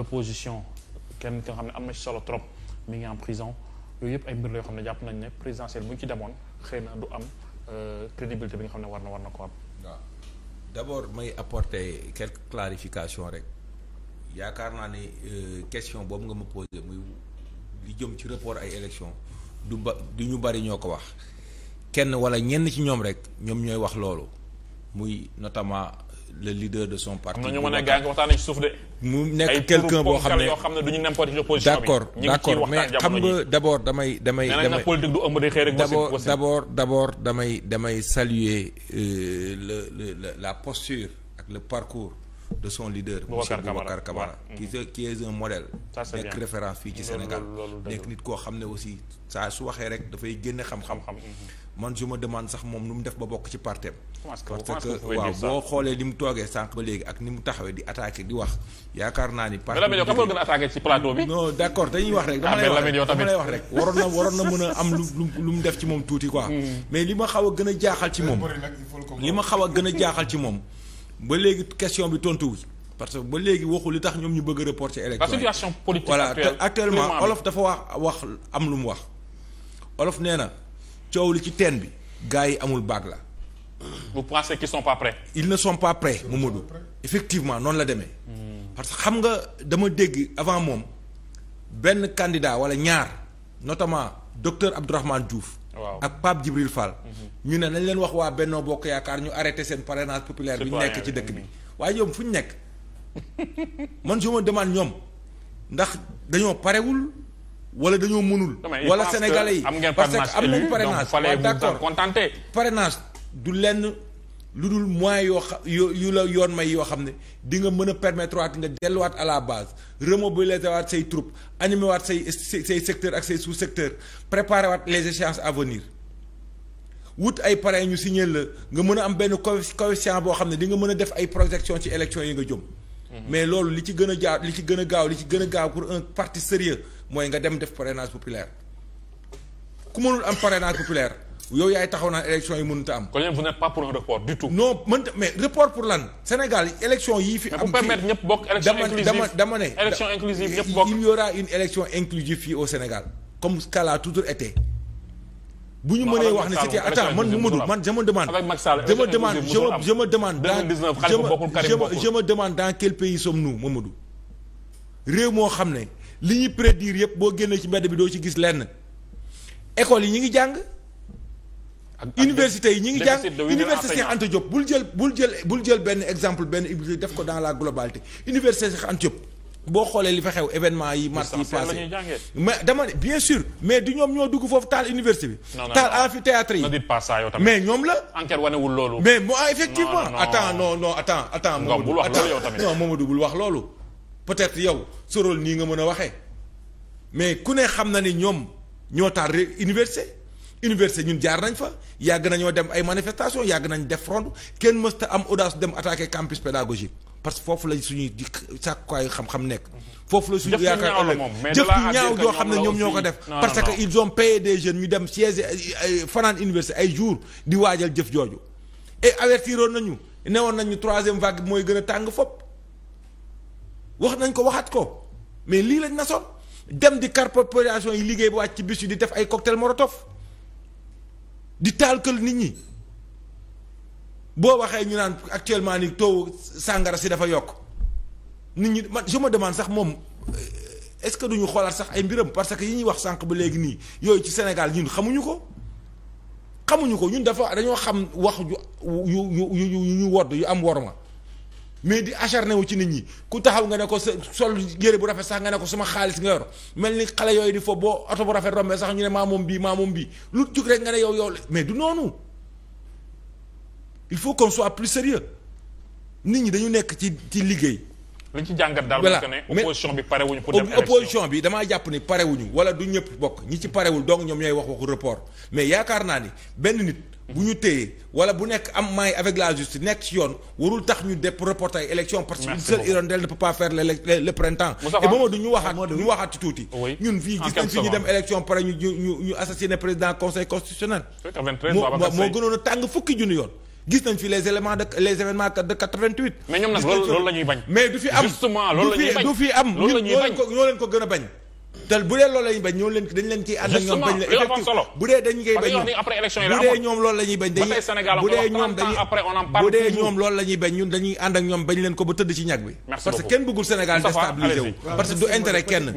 l'opposition kenn ki nga xam ne am na ci solo trop mi ngi en prison yooyu yëpp ay mbir la yoo xam ne jàpp nañ ne présidentielle bu ñu ci demoon xëy na du am euh, crédibilité bi nga xam ne war na war na ko am. waaw d'abord may apporter quelques clarifications rek yaakaar naa ne euh, question boobu nga ma posé muy li jëm ci report ay élections du ba du ñu bari ñoo ko wax kenn wala ñenn ci ñoom rek ñoom ñooy wax loolu muy notamment le leader de son parti. am na mu nekk quelqu'un boo xam ne ay xam ne duñu n'importe ci opposition bi. d'accord d'accord mais xam nga d'abord damay damay. damay politique du ëmb day xëy rek. d'abord euh, le la posture ak le parcours. de son leader monsieur Boubacar Camara qui qui est un modèle nekk référence fii ci Sénégal nekk nit koo xam ne aussi saa su waxee rek dafay génne xam-xam xam mhm. man je me demande sax moom nu mu def ba bokk ci parteem parce que waaw boo xoolee li mu toogee sànq ba léegi ak ni mu taxawee di attaque di wax yaakaar naa ni parti gën a attaqué ci plateau bi non d'accord dañuy wax rek dama ah, waroon na waroon na mën a am lu lu mu def ci moom tuuti quoi hmm. mais li ma xaw a gën a jaaxal ci moom li ma xaw a gën a jaaxal ci moom ba léegi question bi tontuwu parce que ba léegi waxul li tax ñoom ñu bëgg a reporter élection la situation politique voilà actuellement olof dafa wax wax am lu mu wax olof nee na coow li ci teen bi gars yi amul baag la. vous pensez qu'ils sont pas prêts. ils ne sont pas effectivement noonu la demee. parce que xam nga dama dégg avant moom benn candidat wala ñaar notamment docteur Abdourahmane Diouf waaw ak Pape Djibril Fall. Mhm. ñu ne nañ leen wax waa Benno Bokk Yaakaar ñu arrêté seen parrainage populaire bi nekk ci dëkk bi waaye ñoom fu ñu nekk man je me demande ñoom ndax dañoo parewul wala dañoo mënul. wala sénégalais yi parce que am nañ parrainage waaw d'accord parrainage du lenn. lu dul moyens yoo xam yu la yoon may yoo xam ne di nga mën a permettre waat nga delluwaat à la base remobiliser waat say troupes animer waat say say secteur ak say sous secteurs préparer waat les échéances à venir wut ay parrain ñu signer la nga mën a am benn coefficient boo xam ne di nga mën a def ay projection ci élection yi nga jëm. Mhm. mais loolu li ci gën a jaar li ci gën a gaaw li ci gën a gaaw pour un parti sérieux mooy nga dem def parrainage populaire ku mënul am parrainage populaire. yow yaay taxaw naan élection yi mënut a am. kon vous n'êtes pas pour un report mais report pour lan Sénégal élection yii fi. am fii mais bu permettre ñëpp bokk élection inclusive dama dama ne. élection inclusive ñëpp bokk il y aura une élection inclusive fii au Sénégal comme ce qu'elle a été. bu ñu mënee wax ne c'était attends man Mamadou man je me demande. je me demande je me demande dans je me demande dans quel pays sommes-nous Mamadou. réew moo xam ne li ñuy prédire yëpp boo génnee ci mbedd bi doo ci gis lenn école yi ñu ngi jàng. université yi ñi ngi jàng université Cheikh Anta Diop bul jël bul jël benn exemple benn hybride def ko dans la globalité université Cheikh Anta Diop boo xoolee li fa xew événement yi mars yi passé mais dama ne bien sûr mais du ñoom ñoo dugg foofu taal université bi taal amphithéâtre yi mais ñoom la enquête wanewul loolu mais mo effectivement attends non non attends attends Mamadou non Mamadou bul wax loolu peut-être yow sa nii nga mën a waxee mais ku ne xam na ni ñoom ñoo taal université université ñun jaar nañ fa yàgg nañoo dem ay manifestation yàgg nañ def front kenn mësta am audace dem attaquer campus pédagogique parce que foofu lañ suñuy di sàkkaayu xam-xam nekk. foofu la suñu yaakaar ëllëg jëf ci ñaaw joo xam ne ñoom ñoo ko def parce que ils ont payé des jeunes ñu dem siège ay fanaan université ay jours di waajal jëf jooju et avertiroon nañu newoon nañu troisième vague mooy gën a tàng foop wax nañ ko waxaat ko mais lii lañ nasoon dem di corporation yi liggéey ba wàcc ci bis di def ay cocktail molotov di taal kël nit ñi boo waxee ñu naan actuellement ni taux sàngara si dafa yokk nit ñi man je ma demaan sax moom est-ce que duñu xoolaat sax ay mbiram parce que yi ñuy wax sànq ba léegi nii yooyu ci Sénégal ñun xamuñu ko xamuñu ko ñun dafa dañoo xam wax yu yu yu yu ñu wodd yu am worma mais di acharné wu ci nit ñi ku taxaw nga ne ko sa sol yére bu rafet sax nga ne ko suma xaalis nga yor mel ni xale yooyu di fo boo oto bu rafet rombee sax ñu ne maa moom bii maa moom bii lu jug rek nga ne yow yow mais du noonu il faut comme soit plus sérieux nit ñi dañu nekk ci ci liggéey. li ci jàngat daal voilà mais opposition bi parewuñu pour dem élection bi damaa jàpp ni parewuñu wala du ñëpp bokk ñi ci parewul donc ñoom ñooy wax waxu report mais yaakaar naa ni benn nit. bu ñu téyee wala bu nekk am maay avec la justice nekk ci yoon warul tax ñu dep reporter ay élection parce que une seule hirondelle ne peut pas faire le le printemps et ba du ñu waxaat ñu waxaat ci tuuti ñun fii gis nañ fi ñu dem élection pare ñu ñu ñu assassiné président conseil constitutionnel moo gënoon a tàng fukki junni yoon gis nañ fi les éléments de les événements de 88 mais ñoom nag loolu la bañ mais du fi am du fi am ñoo leen gën a bañ te bu dee loolu la bañ ñoom leen dañ leen ciy ànd ak ñoom bañ la bu dee ñoom bu dee bañ dañuy ànd ak ñoom bañ leen ko ba tëdd ci ñag bi parce que kenn bëggul Sénégal déstabiliser parce que du intérêt kenn